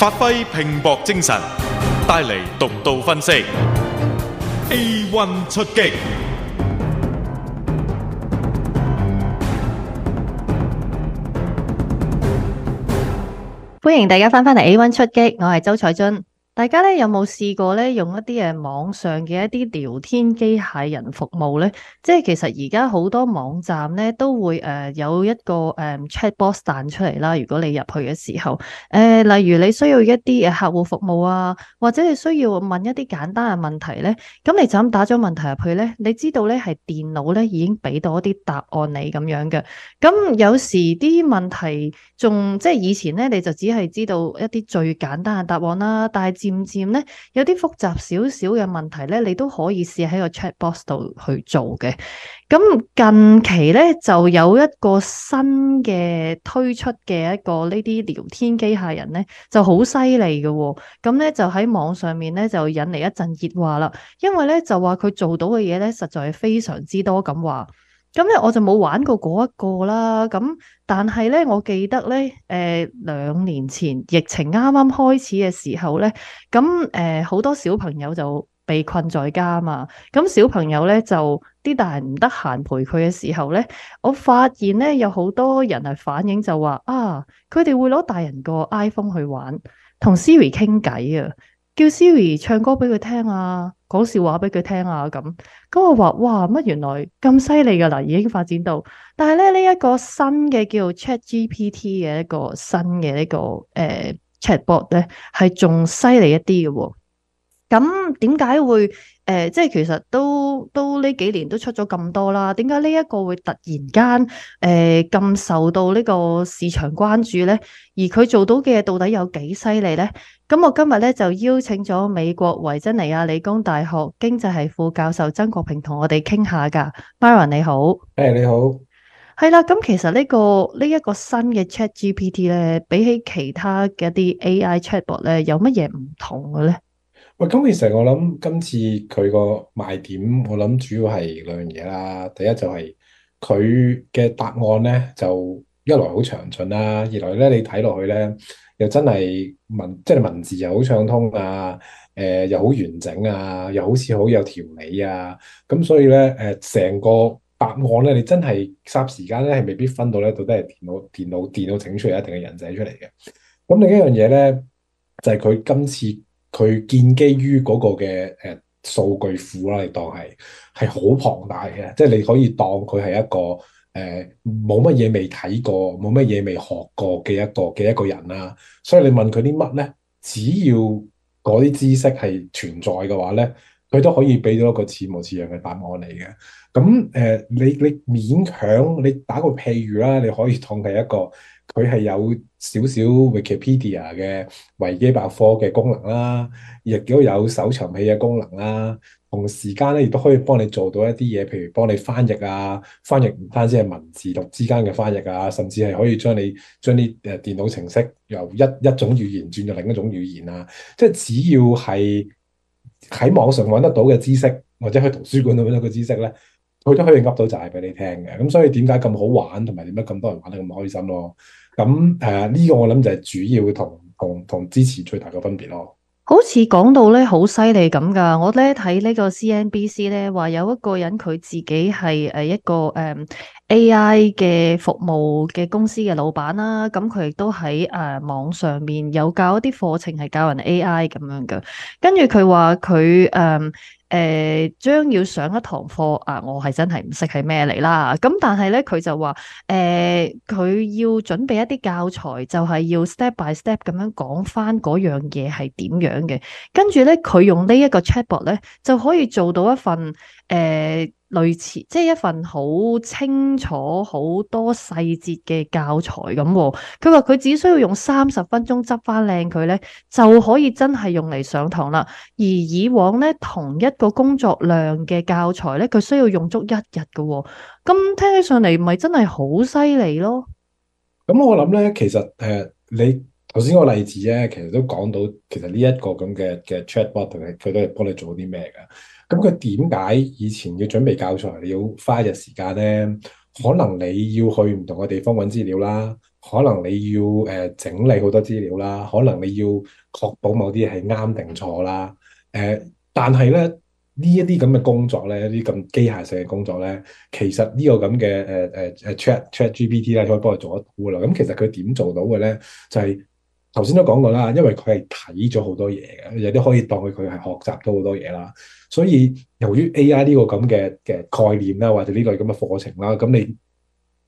發揮拼搏精神，帶嚟獨到分析。A one 出擊，歡迎大家翻返嚟，A one 出擊，我係周彩娟。大家咧有冇試過咧用一啲誒網上嘅一啲聊天機械人服務咧？即係其實而家好多網站咧都會誒有一個誒 chatbot 彈出嚟啦。如果你入去嘅時候，誒例如你需要一啲誒客戶服務啊，或者你需要問一啲簡單嘅問題咧，咁你就咁打咗問題入去咧，你知道咧係電腦咧已經俾到一啲答案你咁樣嘅。咁有時啲問題仲即係以前咧，你就只係知道一啲最簡單嘅答案啦，但係。漸漸咧，有啲複雜少少嘅問題咧，你都可以試喺個 chat box 度去做嘅。咁近期咧，就有一個新嘅推出嘅一個呢啲聊天機械人咧，就好犀利嘅喎。咁咧就喺網上面咧就引嚟一陣熱話啦，因為咧就話佢做到嘅嘢咧，實在係非常之多咁話。咁咧我就冇玩過嗰、那、一個啦。咁但係咧，我記得咧，誒、呃、兩年前疫情啱啱開始嘅時候咧，咁誒好多小朋友就被困在家嘛。咁小朋友咧就啲大人唔得閒陪佢嘅時候咧，我發現咧有好多人係反映就話啊，佢哋會攞大人個 iPhone 去玩，同 Siri 傾偈啊。叫 Siri 唱歌俾佢聽啊，講笑話俾佢聽啊，咁咁我話哇乜原來咁犀利噶啦，已經發展到，但係咧呢、這個、一個新嘅叫 ChatGPT 嘅一個新嘅呢個誒 Chatbot 咧係仲犀利一啲嘅喎。咁點解會誒，即、呃、係其實都都呢幾年都出咗咁多啦？點解呢一個會突然間誒咁、呃、受到呢個市場關注呢？而佢做到嘅到底有幾犀利呢？咁我今日咧就邀請咗美國維珍尼亞理工大學經濟系副教授曾國平同我哋傾下噶 m a r o n 你好，誒、hey, 你好，係啦。咁其實呢、這個呢一、這個新嘅 ChatGPT 咧，比起其他嘅一啲 AI chatbot 咧，有乜嘢唔同嘅呢？喂，咁其實我諗今次佢個賣點，我諗主要係兩樣嘢啦。第一就係佢嘅答案咧，就一來好詳盡啦，二來咧你睇落去咧，又真係文即係文字又好暢通啊、呃，又好完整啊，又好似好有條理啊。咁所以咧誒成個答案咧，你真係霎時間咧係未必分到咧，到底係電腦電腦電腦整出嚟，定係人寫出嚟嘅。咁另一樣嘢咧，就係佢今次。佢建基於嗰個嘅誒數據庫啦，你當係係好龐大嘅，即係你可以當佢係一個誒冇乜嘢未睇過、冇乜嘢未學過嘅一個嘅一個人啦、啊。所以你問佢啲乜咧，只要嗰啲知識係存在嘅話咧，佢都可以俾到一個似模似樣嘅答案嚟嘅。咁誒、呃，你你勉強你打個譬如啦，你可以當係一個。佢係有少少 Wikipedia 嘅維基百科嘅功能啦，亦都有搜尋器嘅功能啦。同時間咧，亦都可以幫你做到一啲嘢，譬如幫你翻譯啊，翻譯唔單止係文字同之間嘅翻譯啊，甚至係可以將你將啲誒電腦程式由一一種語言轉到另一種語言啊。即係只要係喺網上揾得到嘅知識，或者喺圖書館揾到嘅知識咧。佢都可以噏到就係俾你聽嘅，咁所以點解咁好玩，同埋點解咁多人玩得咁開心咯？咁誒，呢個我諗就係主要同同同支持最大嘅分別咯。好似講到咧好犀利咁噶，我咧睇呢個 CNBC 咧話有一個人佢自己係誒一個誒 AI 嘅服務嘅公司嘅老闆啦，咁佢亦都喺誒網上面有教一啲課程係教人 AI 咁樣噶，跟住佢話佢誒。誒、呃、將要上一堂課，課啊，我係真係唔識係咩嚟啦。咁但係咧，佢就話誒，佢、呃、要準備一啲教材，就係、是、要 step by step 咁樣講翻嗰樣嘢係點樣嘅。跟住咧，佢用呢一個 chatbot 咧，就可以做到一份誒。呃類似即係一份好清楚、好多細節嘅教材咁喎。佢話佢只需要用三十分鐘執翻靚佢咧，就可以真係用嚟上堂啦。而以往咧，同一個工作量嘅教材咧，佢需要用足一日嘅喎。咁聽起上嚟，咪真係好犀利咯。咁我諗咧，其實誒、呃，你頭先個例子咧，其實都講到，其實呢一個咁嘅嘅 chatbot 佢都係幫你做啲咩㗎。咁佢點解以前要準備教材你要花一日時間咧？可能你要去唔同嘅地方揾資料啦，可能你要、呃、整理好多資料啦，可能你要確保某啲係啱定錯啦。呃、但係咧，呢一啲咁嘅工作咧，一啲咁機械性嘅工作咧，其實呢個咁嘅、呃啊、Chat Chat GPT 咧，可以幫佢做得到啦。咁其實佢點做到嘅咧，就係、是。頭先都講過啦，因為佢係睇咗好多嘢嘅，有啲可以當佢佢係學習到好多嘢啦。所以由於 AI 呢個咁嘅嘅概念啦，或者呢個咁嘅課程啦，咁你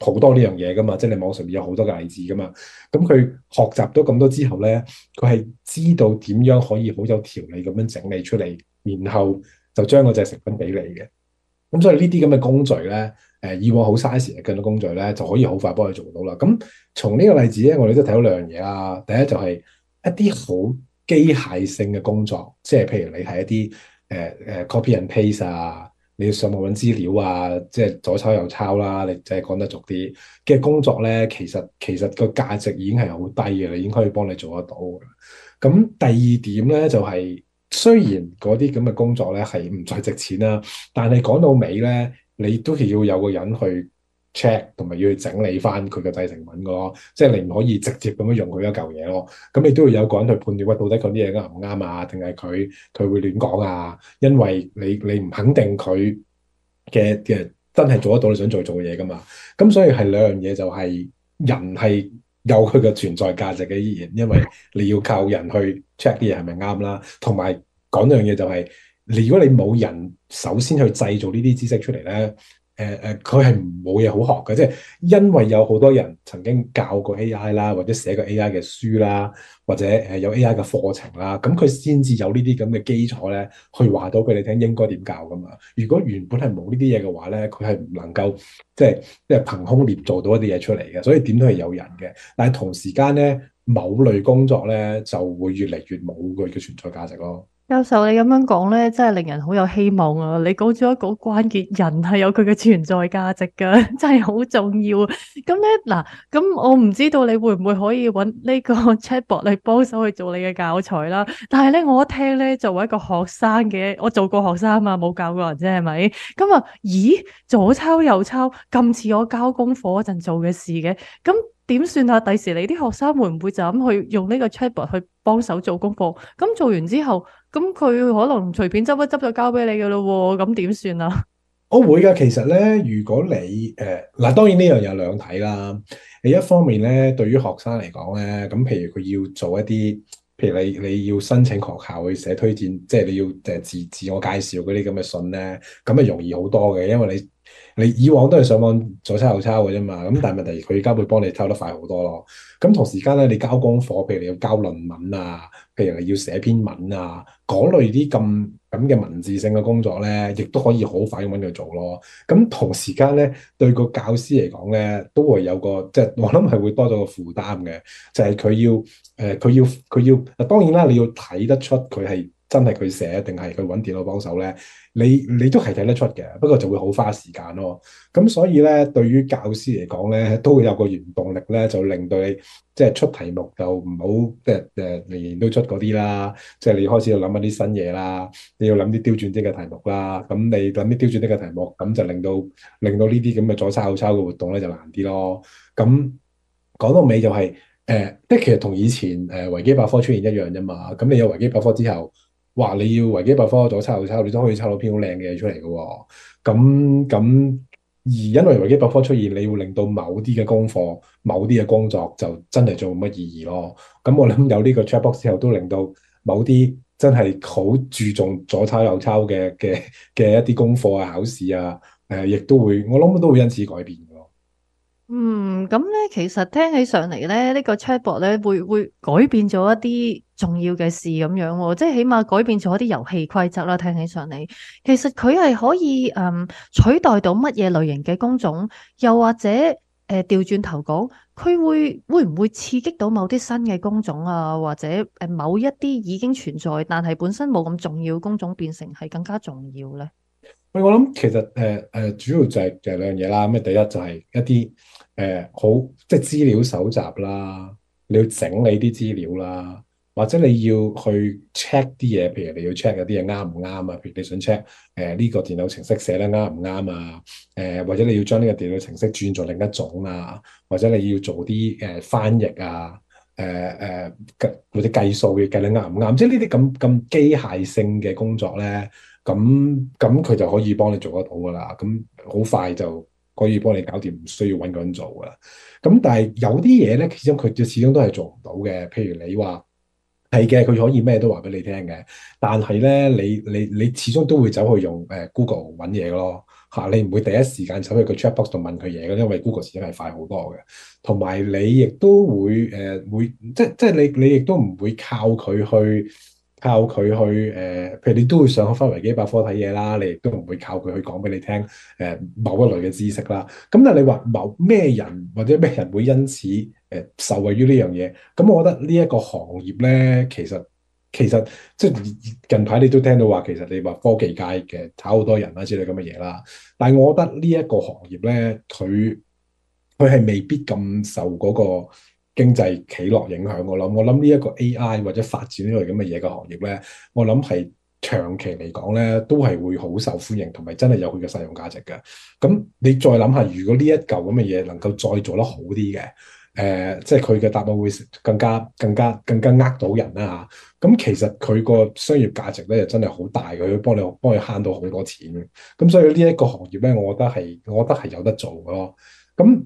好多呢樣嘢噶嘛，即係你網上面有好多嘅例子噶嘛。咁佢學習咗咁多之後咧，佢係知道點樣可以好有條理咁樣整理出嚟，然後就將嗰隻食品俾你嘅。咁所以呢啲咁嘅工序咧。誒以往好嘥時嘅咁多工序咧，就可以好快幫你做到啦。咁從呢個例子咧，我哋都睇到兩樣嘢啦。第一就係一啲好機械性嘅工作，即係譬如你係一啲、呃、copy and paste 啊，你要上網揾資料啊，即係左抄右抄啦，你即係講得俗啲嘅工作咧，其實其實個價值已經係好低嘅，已經可以幫你做得到。咁第二點咧，就係、是、雖然嗰啲咁嘅工作咧係唔再值錢啦、啊，但係講到尾咧。你都係要有個人去 check 同埋要去整理翻佢嘅製成品個咯，即係你唔可以直接咁樣用佢一嚿嘢咯。咁你都要有個人去判斷，喂，到底佢啲嘢啱唔啱啊？定係佢佢會亂講啊？因為你你唔肯定佢嘅嘅真係做得到你想做做嘅嘢噶嘛？咁所以係兩樣嘢就係人係有佢嘅存在價值嘅，依然因為你要靠人去 check 啲嘢係咪啱啦，同埋講兩樣嘢就係。如果你冇人首先去製造呢啲知識出嚟咧，誒、呃、誒，佢係冇嘢好學嘅，即係因為有好多人曾經教過 AI 啦，或者寫過 AI 嘅書啦，或者誒有 AI 嘅課程啦，咁佢先至有呢啲咁嘅基礎咧，去話到俾你聽應該點教㗎嘛。如果原本係冇呢啲嘢嘅話咧，佢係唔能夠即係即係憑空捏造到一啲嘢出嚟嘅，所以點都係有人嘅。但係同時間咧，某類工作咧就會越嚟越冇佢嘅存在價值咯。教授，你咁樣講呢，真係令人好有希望啊！你講咗一個關鍵，人係有佢嘅存在價值㗎，真係好重要。咁呢，嗱，咁我唔知道你會唔會可以搵呢個 Chatbot 嚟幫手去做你嘅教材啦？但係呢，我一聽呢，作為一個學生嘅，我做過學生啊嘛，冇教過人啫，係咪？咁啊，咦，左抄右抄咁似我交功課嗰陣做嘅事嘅，點算啊？第時你啲學生會唔會就咁去用呢個 ChatGPT 去幫手做功課？咁做完之後，咁佢可能隨便執一執就交俾你噶咯喎？咁點算啊？我會噶，其實咧，如果你誒嗱、呃，當然呢樣有兩睇啦。你一方面咧，對於學生嚟講咧，咁譬如佢要做一啲，譬如你你要申請學校去寫推薦，即係你要誒自自我介紹嗰啲咁嘅信咧，咁咪容易好多嘅，因為你。你以往都係上網左抄右抄嘅啫嘛，咁但係問題佢而家會幫你抄得快好多咯。咁同時間咧，你交功課，譬如你要交論文啊，譬如你要寫篇文啊，嗰類啲咁咁嘅文字性嘅工作咧，亦都可以好快咁樣去做咯。咁同時間咧，對個教師嚟講咧，都會有個即係我諗係會多咗個負擔嘅，就係、是、佢要誒，佢要佢要，要，當然啦，你要睇得出佢係。真係佢寫定係佢揾電腦幫手咧？你你都係睇得出嘅，不過就會好花時間咯。咁所以咧，對於教師嚟講咧，都會有個原動力咧，就令到你即係出題目就唔好即係誒年年都出嗰啲啦。即係你開始要諗一啲新嘢啦，你要諗啲刁轉啲嘅題目啦。咁你諗啲刁轉啲嘅題目，咁就令到令到呢啲咁嘅左抄右抄嘅活動咧就難啲咯。咁講到尾就係誒，即係其實同以前誒維基百科出現一樣啫嘛。咁你有維基百科之後，話你要維基百科左抄右抄，你都可以抄到篇好靚嘅嘢出嚟嘅喎。咁咁，而因為維基百科出現，你會令到某啲嘅功課、某啲嘅工作就真係做乜意義咯？咁我諗有呢個 Chatbox 之後，都令到某啲真係好注重左抄右抄嘅嘅嘅一啲功課啊、考試啊，呃、亦都會我諗都會因此改變。嗯，咁咧，其實聽起上嚟咧，呢、這個桌博 ChatGPT 咧會會改變咗一啲重要嘅事咁樣，即係起碼改變咗一啲遊戲規則啦。聽起上嚟，其實佢係可以誒、嗯、取代到乜嘢類型嘅工種，又或者誒調轉頭講，佢、呃、會會唔會刺激到某啲新嘅工種啊，或者誒某一啲已經存在但係本身冇咁重要工種變成係更加重要咧？喂，我諗其實誒誒，主要就係就兩樣嘢啦。咁啊，第一就係一啲誒、呃、好，即、就、係、是、資料搜集啦，你要整理啲資料啦，或者你要去 check 啲嘢，譬如你要 check 有啲嘢啱唔啱啊，譬如你想 check 誒呢個電腦程式寫得啱唔啱啊？誒、呃，或者你要將呢個電腦程式轉做另一種啊，或者你要做啲誒、呃、翻譯啊，誒、呃、誒或者計數嘅計得啱唔啱？即係呢啲咁咁機械性嘅工作咧。咁咁佢就可以幫你做得到噶啦，咁好快就可以幫你搞掂，唔需要揾個人做噶啦。咁但係有啲嘢咧，始終佢就始終都係做唔到嘅。譬如你話係嘅，佢可以咩都話俾你聽嘅，但係咧，你你你始終都會走去用、呃、Google 搵嘢咯吓，你唔會第一時間走去個 chat box 度問佢嘢嘅，因為 Google 始終係快好多嘅。同埋你亦都會誒、會、即即係你你亦都唔會靠佢去。靠佢去誒、呃，譬如你都會上開翻維基百科睇嘢啦，你亦都唔會靠佢去講俾你聽、呃、某一類嘅知識啦。咁但係你話某咩人或者咩人會因此、呃、受惠於呢樣嘢？咁我覺得呢一個行業咧，其實其實即係近排你都聽到話，其實你話科技界嘅炒好多人啦、啊、之類咁嘅嘢啦。但係我覺得呢一個行業咧，佢佢係未必咁受嗰、那個。經濟起落影響。我諗，我諗呢一個 AI 或者發展呢類咁嘅嘢嘅行業咧，我諗係長期嚟講咧，都係會好受歡迎，同埋真係有佢嘅實用價值嘅。咁你再諗下，如果呢一嚿咁嘅嘢能夠再做得好啲嘅，誒、呃，即係佢嘅答案會更加更加更加呃到人啦、啊、嚇。咁其實佢個商業價值咧，又真係好大嘅，佢幫你幫你慳到好多錢。咁所以呢一個行業咧，我覺得係，我覺得係有得做嘅咯。咁。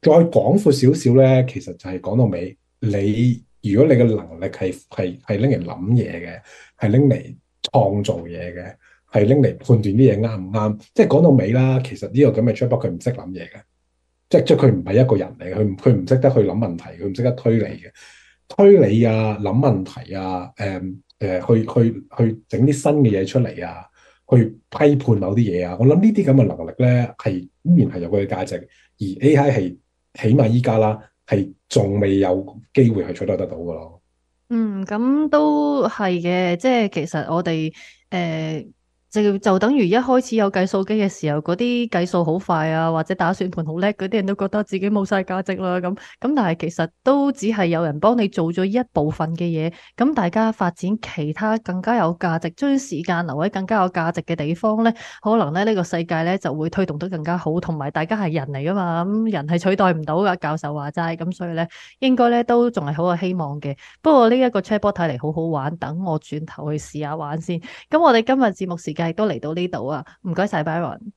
再廣闊少少咧，其實就係講到尾，你如果你嘅能力係係係拎嚟諗嘢嘅，係拎嚟創造嘢嘅，係拎嚟判斷啲嘢啱唔啱，即係講到尾啦。其實呢個咁嘅 job 佢唔識諗嘢嘅，即係即係佢唔係一個人嚟，佢佢唔識得去諗問題，佢唔識得推理嘅，推理啊諗問題啊，誒、嗯、誒、呃、去去去整啲新嘅嘢出嚟啊，去批判某啲嘢啊。我諗呢啲咁嘅能力咧，係依然係有佢嘅價值，而 AI 係。起碼依家啦，係仲未有機會係取代得到噶咯。嗯，咁都係嘅，即係其實我哋誒。呃就就等於一開始有計數機嘅時候，嗰啲計數好快啊，或者打算盤好叻嗰啲人都覺得自己冇晒價值啦咁。咁但係其實都只係有人幫你做咗一部分嘅嘢，咁大家發展其他更加有價值，將時間留喺更加有價值嘅地方咧，可能咧呢呢個世界咧就會推動得更加好，同埋大家係人嚟噶嘛，咁人係取代唔到噶。教授話齋，咁，所以咧應該咧都仲係好有希望嘅。不過呢一個 chatbot 睇嚟好好玩，等我轉頭去試下玩先。咁我哋今日節目時間都嚟到呢度啊！唔該晒。拜拜。